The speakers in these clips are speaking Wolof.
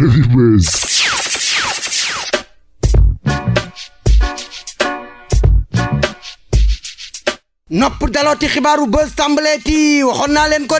Heavy Ways. nopp dalooti xibaaru bës tàmbaleeti waxoon naa leen ko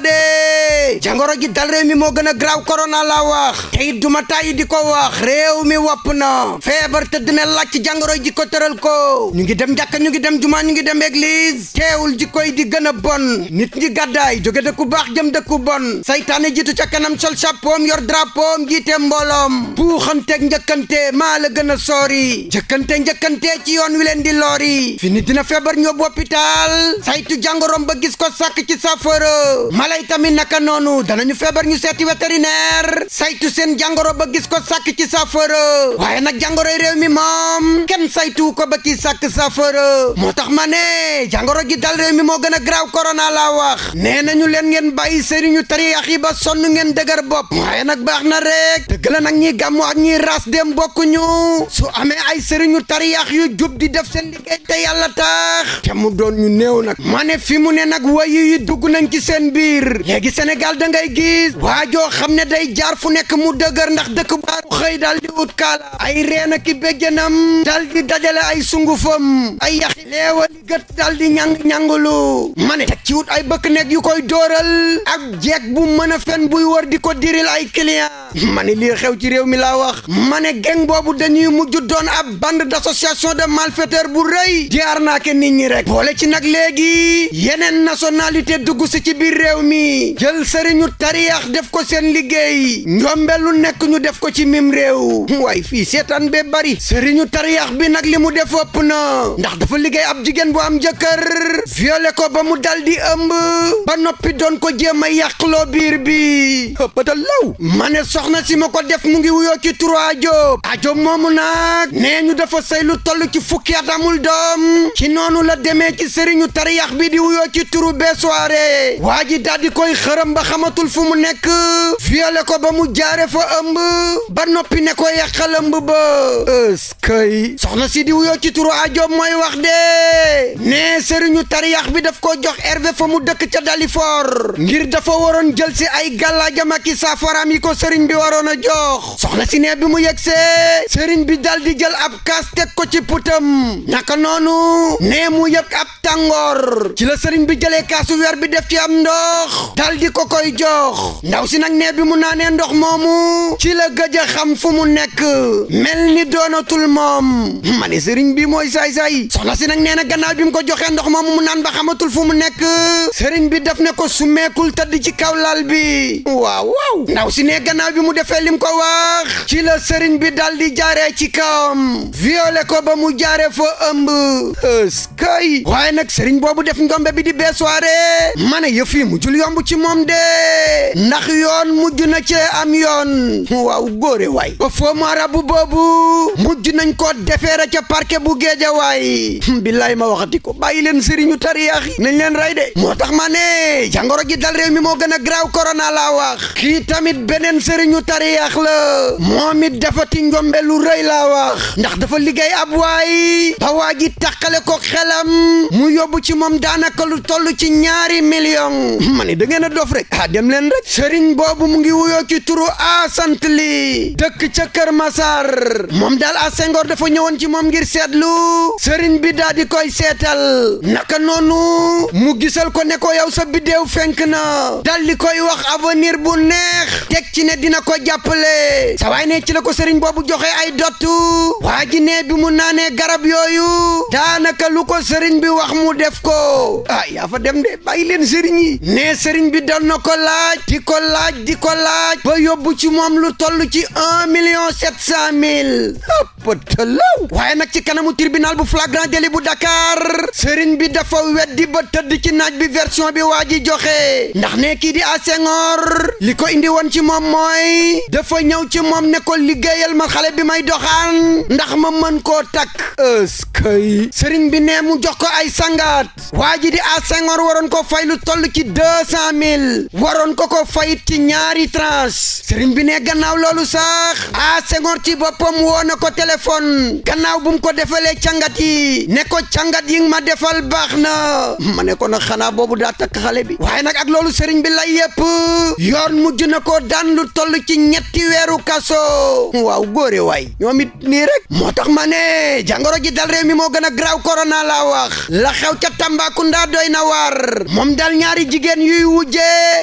de jangoro ji dal réew mi moo gën a graaw korona laa wax te it duma tàyyi di ko wax réew mi wopp na feebar tëdd na laaj ci jangoro ji ko tëral ko ñu ngi dem jàkka ñu ngi dem jumaa ñu ngi dem église teewul ji koy di gën a bon nit ñi gàddaay jóge dëkku baax jëm dëkku bon saytaane jiitu ca kanam sol chapeau yor drapeau jiite mbooloom buuxanteeg njëkkante maa la gën a soori njëkkante njëkkante ci yoon wi leen di loori fi nit dina feebar ñoo hôpital saytu jangoroom ba gis ci safara malay tamit naka noonu noonu ñu feebar ñu seeti vétérinaire saytu seen jàngoro ba gis ko sàkk ci saafara waaye nag jàngoroy mi moom kenn saytu ko ba ci sàkk saafara moo tax ma ne jàngoro ji dal réew mi moo gën a graaw corona laa wax nee nañu leen ngeen bàyyi sëriñu tariyax yi ba sonn ngeen dëgër bopp waaye nag baax na rek dëgg la nag ñi gàmmu ak ñiy ras dem bokkuñu su amee ay sëriñu tariyax yu jub di def seen liggéey te yàlla tax te mu doon ñu néew nag ma fi mu ne nag wayu yi dugg nañ ci seen biir léegi Sénégal daal da ngay gis waajoo xam ne day jaar fu nekk mu dëgër ndax dëkk baa xëy daal di ut kaala ay reena ki béjjanam daal di dajale ay sungufam ay yax leewa gët daal di ñang-ñangulu ma teg ci wut ay bëkk nekk yu koy dóoral ak jeeg bu mën a buy wër di ko diril ay client ma ne lii xew ci réew mi laa wax ma ne geng boobu dañuy mujj doon ab bande d'association de malfaiteurs bu rëy di arnaquer nit ñi rek boole ci nag léegi yeneen nationalité dugg si ci biir réew mi jël sëriñu tariyax def ko seen liggéey njombe lu nekk ñu def ko ci mim réew waaye fii seetaan bee bari sëriñu tariyax bi nag li mu def ëpp na ndax dafa liggéey ab jigéen bu am jëkkër violé ko ba mu dal di ëmb ba noppi doon ko jéem a yàqloo biir bi ëppata law ma soxna si ma ko def mu ngi wuyoo ci turu Ajob ajo moomu nag nee ñu dafa sëy lu toll ci fukki at amul doom ci noonu la demee ci sëriñu tariyax bi di wuyoo ci turu Bessoiré waa ji daal xamatul fu mu nekk violé ko ba mu jaare fa ëmb ba noppi ne ko yàqal ëmb ba ëskay soxna si di wuyoo ci turu ajoom mooy wax de nee sëriñu tariyax bi daf ko jox Hervé fa mu dëkk ca Dalifort ngir dafa waroon jël si ay gàllaajam ak i saafaraam yi ko sëriñ bi waroon a jox soxna si nee bi mu yegsee sëriñ bi daldi jël ab kaas teg ko ci putam naka noonu nee mu yëg ab tàngoor ci la sëriñ bi jëlee kaasu weer bi def ci am ndox dal di ko koy jox ndaw si nag nee bi mu naanee ndox moomu ci la gëj a xam mu nekk mel ni doonatul moom ma ne sëriñ bi mooy saay-saay si nag nee na gannaaw bi mu ko joxee ndox moomu mu naan ba xamatul fu mu nekk sëriñ bi daf ne ko sumeekul tëdd ci kaw lal bi waaw waaw ndaw si ne gannaaw bi mu defee lim ko wax ci la sëriñ bi dal di jaaree ci kawam violé ko ba mu jaaree fa ëmb ëskay waaye nag sëriñ boobu def ngombe bi di beesuwaare ma ne mu jul yomb ci moom de ndax yoon mujj na cee am yoon waaw góore waay ko foomu arabu boobu mujj nañ ko defeere ca parquet bu géejawaay hmm, billaay ma waxati ko bàyyi leen sëriñu tariyaax yi nañ leen rey de moo tax ma ne jàngoro ji dal réew mi moo gën a graaw korona laa wax kii tamit beneen sëriñu tariyaax la moom dafa ti njombe lu rëy laa wax ndax dafa liggéey ab waay ba waa ji tàqale ko xelam mu yóbbu ci moom daanaka lu toll ci ñaari million hmm, ma ne da ngeen a dof rek ah dem leen rek sëriñ boobu mu ngi wuyoo ci turu asant li dëkk ca Kër Masar moom daal a Senghor dafa ñëwoon ci moom ngir seetlu sëriñ bi daal di koy seetal naka noonu mu gisal ko ne ko yow sa biddéew fenk na dal di koy wax avenir bu neex teg ci ne dina ko jàppale sa waay ne ci la ko sëriñ boobu joxe ay dottu waa ne bi mu naanee garab yooyu daanaka lu ko sëriñ bi wax mu def ko ah yaa dem de bàyyi leen sëriñ yi sëriñ bi dal na ko laaj di ko laaj di ko laaj ba yóbbu ci moom lu toll ci un million sept cent mille apatalaw waaye nag ci kanamu tribunal bu flagrant délit bu Dakar sëriñ bi dafa weddi ba tëdd ci naaj bi version bi waa ji joxe ndax ne kii di Senghor li ko indi woon ci moom mooy dafa ñëw ci moom ne ko liggéeyal ma xale bi may doxaan ndax ma mën ko takk eskay sëriñ bi ne mu jox ko ay sangaat waa ji di Senghor waroon ko fay lu toll ci deux waroon ko ko fayit ci ñaari tranche sëriñ bi ne gannaaw loolu sax a Senghor ci boppam woo na ko téléphone gannaaw bu mu ko defalee càngat yi ne ko càngat yi ma defal baax na ma ne ko nag xanaa boobu daa takk xale bi waaye nag ak loolu sëriñ bi lay yëpp yoon mujj na ko daan lu toll ci ñetti weeru kaso waaw góore way ñoom it nii rek moo tax ma ne jàngoro ji dal réew mi moo gën a graaw korona laa wax la xew ca Tambacounda doy na war moom dal ñaari jigéen yuy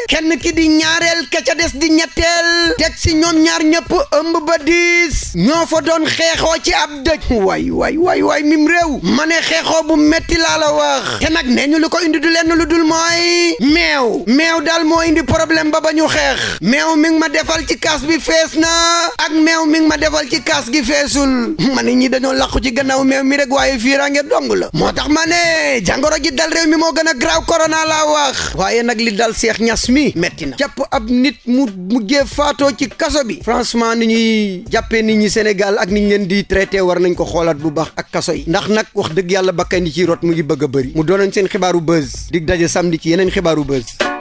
kenn ki di ñaareel ke ca des di ñetteel teg si ñoom ñaar ñëpp ëmb ba diis ñoo fa doon xeexoo ci ab dëj waay waay waay waay mim réew ma ne xeexoo bu metti laa la wax nag nee ñu lu ko indi du lenn lu dul mooy meew meew daal moo indi problème ba ba ñu xeex meew mi ngi ma defal ci kaas bi fees na ak meew mi ngi ma defal ci kaas gi feesul ma ne ñi dañoo làqu ci gannaaw meew mi rek waaye fiirange dong la moo tax ma ne jàngoro ji dal mi moo gën a graaw korona laa wax waaye nag li dal Seex Ñas mbas mi metti na jàpp ab nit mu mujjee faatoo ci kaso bi franchement ni ñuy jàppe ni ñi Sénégal ak ni ñu leen di traité war nañ ko xoolaat bu baax ak kaso yi ndax nag wax dëgg yàlla bakkan yi ciy rot mu ngi bëgg bëri mu doonoon seen xibaaru buzz dig daje samedi ci yeneen xibaaru buzz